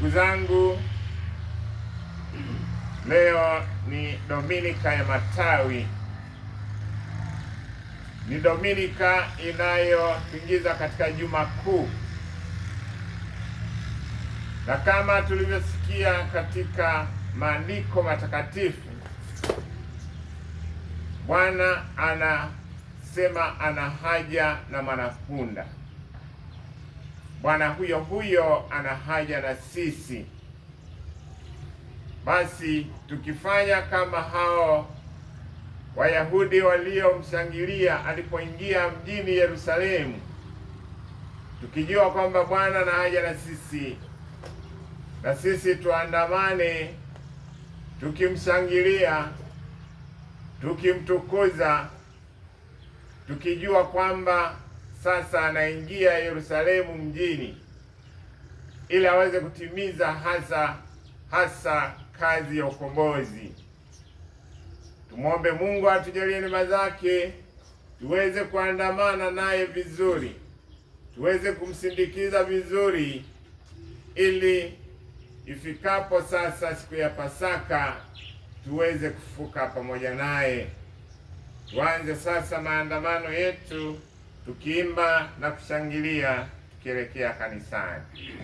Ndugu zangu, leo ni Dominika ya Matawi, ni Dominika inayotuingiza katika Juma Kuu, na kama tulivyosikia katika maandiko matakatifu, Bwana anasema ana haja na mwanapunda. Bwana huyo huyo ana haja na sisi. Basi tukifanya kama hao Wayahudi waliomshangilia alipoingia mjini Yerusalemu, tukijua kwamba Bwana ana haja na sisi, na sisi tuandamane tukimshangilia, tukimtukuza, tukijua kwamba sasa anaingia Yerusalemu mjini ili aweze kutimiza hasa hasa kazi ya ukombozi. Tumwombe Mungu atujalie neema zake, tuweze kuandamana naye vizuri, tuweze kumsindikiza vizuri, ili ifikapo sasa siku ya Pasaka tuweze kufuka pamoja naye. Tuanze sasa maandamano yetu tukiimba na kushangilia tukielekea kanisani.